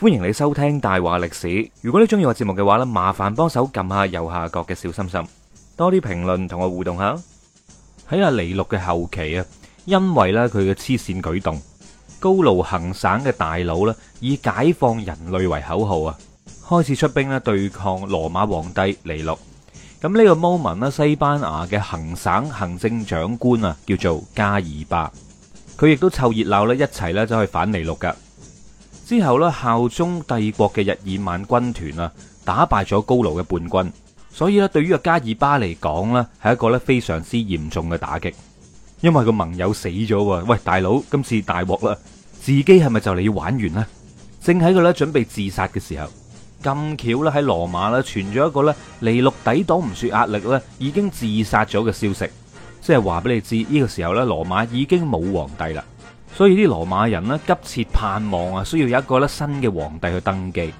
歡迎你收聽大話歷史。如果你中意我節目嘅話呢，麻煩幫手撳下右下角嘅小心心，多啲評論同我互動下。喺阿、啊、尼祿嘅後期啊，因為呢，佢嘅黐線舉動，高盧行省嘅大佬呢，以解放人類為口號啊，開始出兵咧對抗羅馬皇帝尼祿。咁、這、呢個 moment 啦，西班牙嘅行省行政長官啊，叫做加爾巴，佢亦都湊熱鬧呢，一齊呢就去反尼祿噶。之後咧，效忠帝國嘅日耳曼軍團啊，打敗咗高盧嘅叛軍，所以咧，對於阿加爾巴嚟講咧，係一個咧非常之嚴重嘅打擊，因為個盟友死咗啊！喂，大佬，今次大鑊啦，自己係咪就嚟要玩完呢？正喺佢咧準備自殺嘅時候，咁巧咧喺羅馬咧傳咗一個咧尼禄抵擋唔住壓力咧，已經自殺咗嘅消息，即係話俾你知，呢個時候咧羅馬已經冇皇帝啦。所以啲羅馬人咧急切盼望啊，需要有一個咧新嘅皇帝去登基。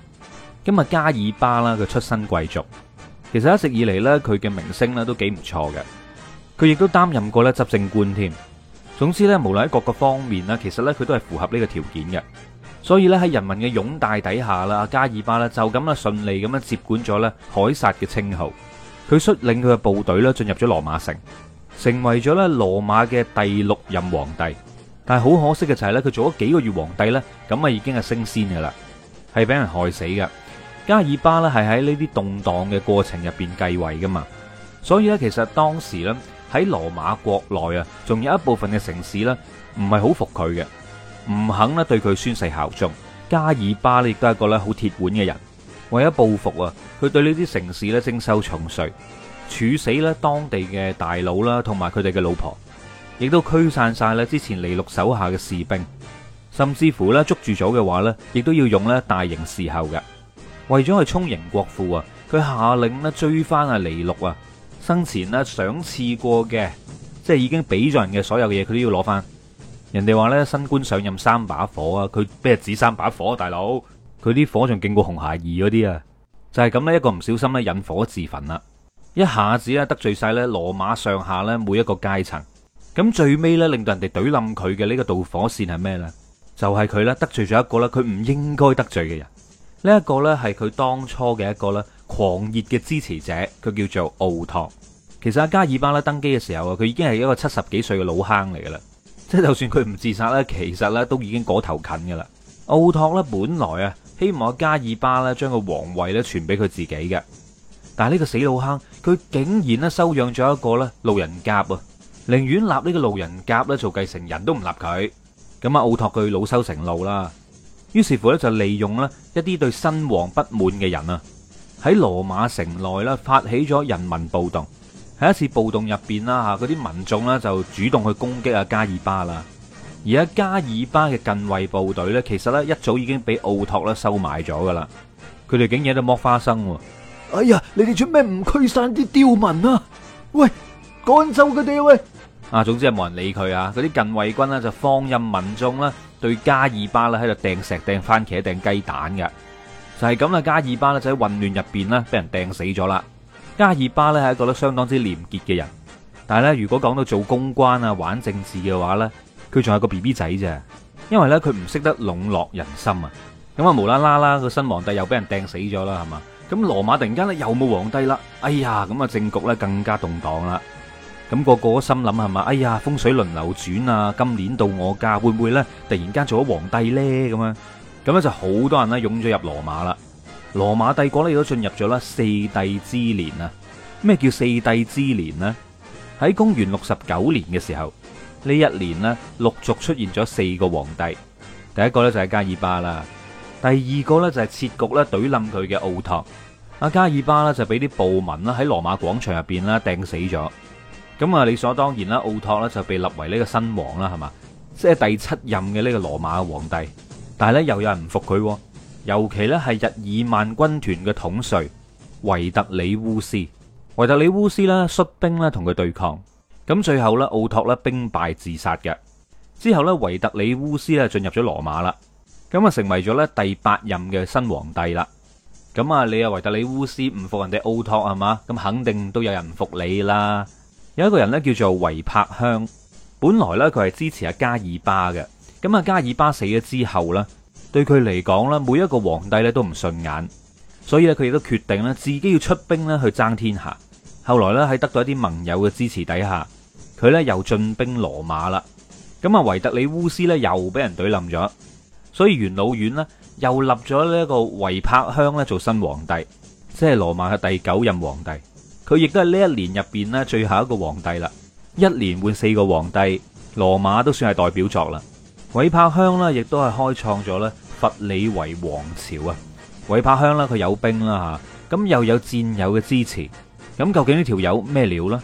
咁啊，加爾巴啦，佢出身貴族，其實一直以嚟咧佢嘅名聲咧都幾唔錯嘅。佢亦都擔任過咧執政官添。總之咧，無論喺各個方面啦，其實咧佢都係符合呢個條件嘅。所以咧喺人民嘅擁戴底下啦，加爾巴啦就咁啦順利咁樣接管咗咧凱撒嘅稱號。佢率領佢嘅部隊咧進入咗羅馬城，成為咗咧羅馬嘅第六任皇帝。但係好可惜嘅就係呢，佢做咗幾個月皇帝呢，咁啊已經係升仙嘅啦，係俾人害死嘅。加爾巴呢係喺呢啲動盪嘅過程入邊繼位噶嘛，所以呢，其實當時呢喺羅馬國內啊，仲有一部分嘅城市呢唔係好服佢嘅，唔肯呢對佢宣誓效忠。加爾巴呢亦都係一個呢好鐵腕嘅人，為咗報復啊，佢對呢啲城市呢徵收重稅，處死呢當地嘅大佬啦，同埋佢哋嘅老婆。亦都驅散晒咧之前尼祿手下嘅士兵，甚至乎咧捉住咗嘅話咧，亦都要用咧大型侍候嘅。為咗去充盈國庫啊，佢下令咧追翻啊尼祿啊生前呢，賞賜過嘅，即係已經俾咗人嘅所有嘅嘢，佢都要攞翻。人哋話咧新官上任三把火啊，佢咩指三把火啊？大佬佢啲火仲勁過紅孩兒嗰啲啊，就係咁呢一個唔小心咧引火自焚啦，一下子咧得罪晒咧羅馬上下咧每一個階層。咁最尾咧，令到人哋懟冧佢嘅呢個導火線係咩呢？就係佢啦，得罪咗一個啦，佢唔應該得罪嘅人。呢一個呢，係佢當初嘅一個咧狂熱嘅支持者，佢叫做奧托。其實阿加爾巴咧登基嘅時候啊，佢已經係一個七十幾歲嘅老坑嚟噶啦。即係就算佢唔自殺咧，其實呢都已經果頭近噶啦。奧托咧本來啊，希望阿加爾巴咧將個皇位咧傳俾佢自己嘅，但係呢個死老坑，佢竟然咧收養咗一個咧路人甲啊！寧願立呢個路人甲咧做繼承人都唔立佢，咁啊奧托佢老羞成怒啦，於是乎咧就利用咧一啲對新王不滿嘅人啊，喺羅馬城內咧發起咗人民暴動。喺一次暴動入邊啦吓，嗰啲民眾咧就主動去攻擊阿加爾巴啦。而家加爾巴嘅近衛部隊咧，其實咧一早已經俾奧托咧收買咗噶啦，佢哋竟然喺度剝花生。哎呀，你哋做咩唔驅散啲刁民啊？喂，趕走佢哋喂！啊，總之係冇人理佢啊！嗰啲近衛軍呢，就放任民眾咧對加爾巴咧喺度掟石、掟番茄、掟雞蛋嘅，就係咁啊，加爾巴咧就喺混亂入邊呢，俾人掟死咗啦！加爾巴呢係一個咧相當之廉潔嘅人，但係咧如果講到做公關啊、玩政治嘅話呢，佢仲係個 BB 仔啫，因為呢，佢唔識得籠絡人心啊！咁啊無啦啦啦個新皇帝又俾人掟死咗啦，係嘛？咁羅馬突然間呢，又冇皇帝啦，哎呀！咁啊政局呢更加動盪啦。咁個個心諗，係嘛？哎呀，風水輪流轉啊！今年到我家，會唔會呢？突然間做咗皇帝呢？咁樣，咁咧就好多人呢，湧咗入羅馬啦。羅馬帝國呢，亦都進入咗啦四帝之年啊。咩叫四帝之年呢？喺公元六十九年嘅時候，呢一年呢，陸續出現咗四個皇帝。第一個呢，就係加爾巴啦，第二個呢，就係設局呢，懟冧佢嘅奧托。阿加爾巴呢，就俾啲暴民啦喺羅馬廣場入邊咧掟死咗。咁啊，理所當然啦，奧托咧就被立為呢個新王啦，係嘛，即係第七任嘅呢個羅馬皇帝。但係咧又有人唔服佢，尤其呢係日耳曼軍團嘅統帥維特里烏斯。維特里烏斯咧率兵呢同佢對抗。咁最後呢，奧托咧兵敗自殺嘅。之後呢，維特里烏斯咧進入咗羅馬啦。咁啊，成為咗呢第八任嘅新皇帝啦。咁啊，你啊維特里烏斯唔服人哋奧托係嘛，咁肯定都有人唔服你啦。有一個人咧叫做維柏香，本來咧佢係支持阿加爾巴嘅，咁阿加爾巴死咗之後咧，對佢嚟講咧，每一個皇帝咧都唔順眼，所以咧佢亦都決定咧自己要出兵咧去爭天下。後來咧喺得到一啲盟友嘅支持底下，佢咧又進兵羅馬啦。咁啊維特里烏斯咧又俾人懟冧咗，所以元老院咧又立咗呢一個維柏香咧做新皇帝，即係羅馬嘅第九任皇帝。佢亦都係呢一年入邊呢最後一個皇帝啦，一年換四個皇帝，羅馬都算係代表作啦。韋柏香呢亦都係開創咗咧佛里維王朝啊。韋柏香呢，佢有兵啦吓，咁又有戰友嘅支持，咁、啊、究竟呢條友咩料呢？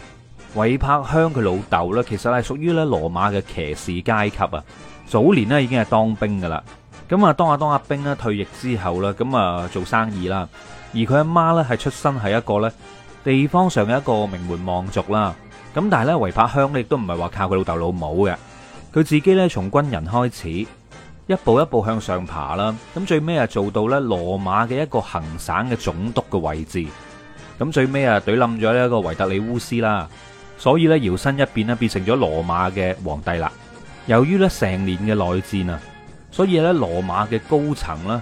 韋柏香佢老豆呢，其實係屬於咧羅馬嘅騎士階級啊。早年呢已經係當兵噶啦，咁啊，啊當下當阿兵呢，退役之後啦，咁啊做生意啦，而佢阿媽呢，係出身係一個咧。地方上嘅一個名門望族啦，咁但係咧維斯帕先咧亦都唔係話靠佢老豆老母嘅，佢自己咧從軍人開始，一步一步向上爬啦，咁最尾啊做到咧羅馬嘅一個行省嘅總督嘅位置，咁最尾啊懟冧咗呢一個維特里烏斯啦，所以咧搖身一變咧變成咗羅馬嘅皇帝啦。由於咧成年嘅內戰啊，所以咧羅馬嘅高層啦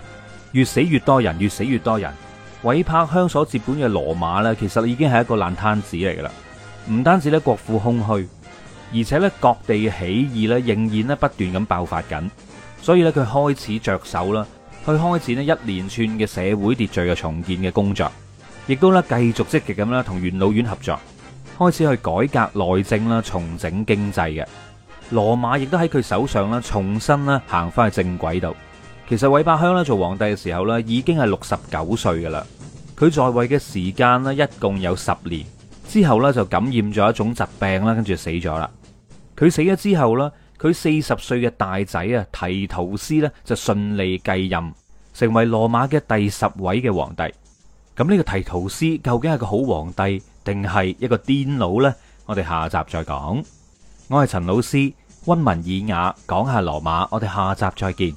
越死越多人，越死越多人。韋柏香所接管嘅羅馬呢，其實已經係一個爛攤子嚟噶啦，唔單止咧國庫空虛，而且咧各地嘅起義咧仍然咧不斷咁爆發緊，所以咧佢開始着手啦，去開展呢一連串嘅社會秩序嘅重建嘅工作，亦都咧繼續積極咁啦同元老院合作，開始去改革內政啦，重整經濟嘅。羅馬亦都喺佢手上啦，重新啦行翻去正軌度。其實韋伯香咧做皇帝嘅時候咧，已經係六十九歲噶啦。佢在位嘅時間咧，一共有十年，之後呢就感染咗一種疾病啦，跟住死咗啦。佢死咗之後咧，佢四十歲嘅大仔啊提圖斯咧就順利繼任成為羅馬嘅第十位嘅皇帝。咁呢個提圖斯究竟係個好皇帝定係一個癲佬呢？我哋下集再講。我係陳老師，溫文爾雅講下羅馬。我哋下集再見。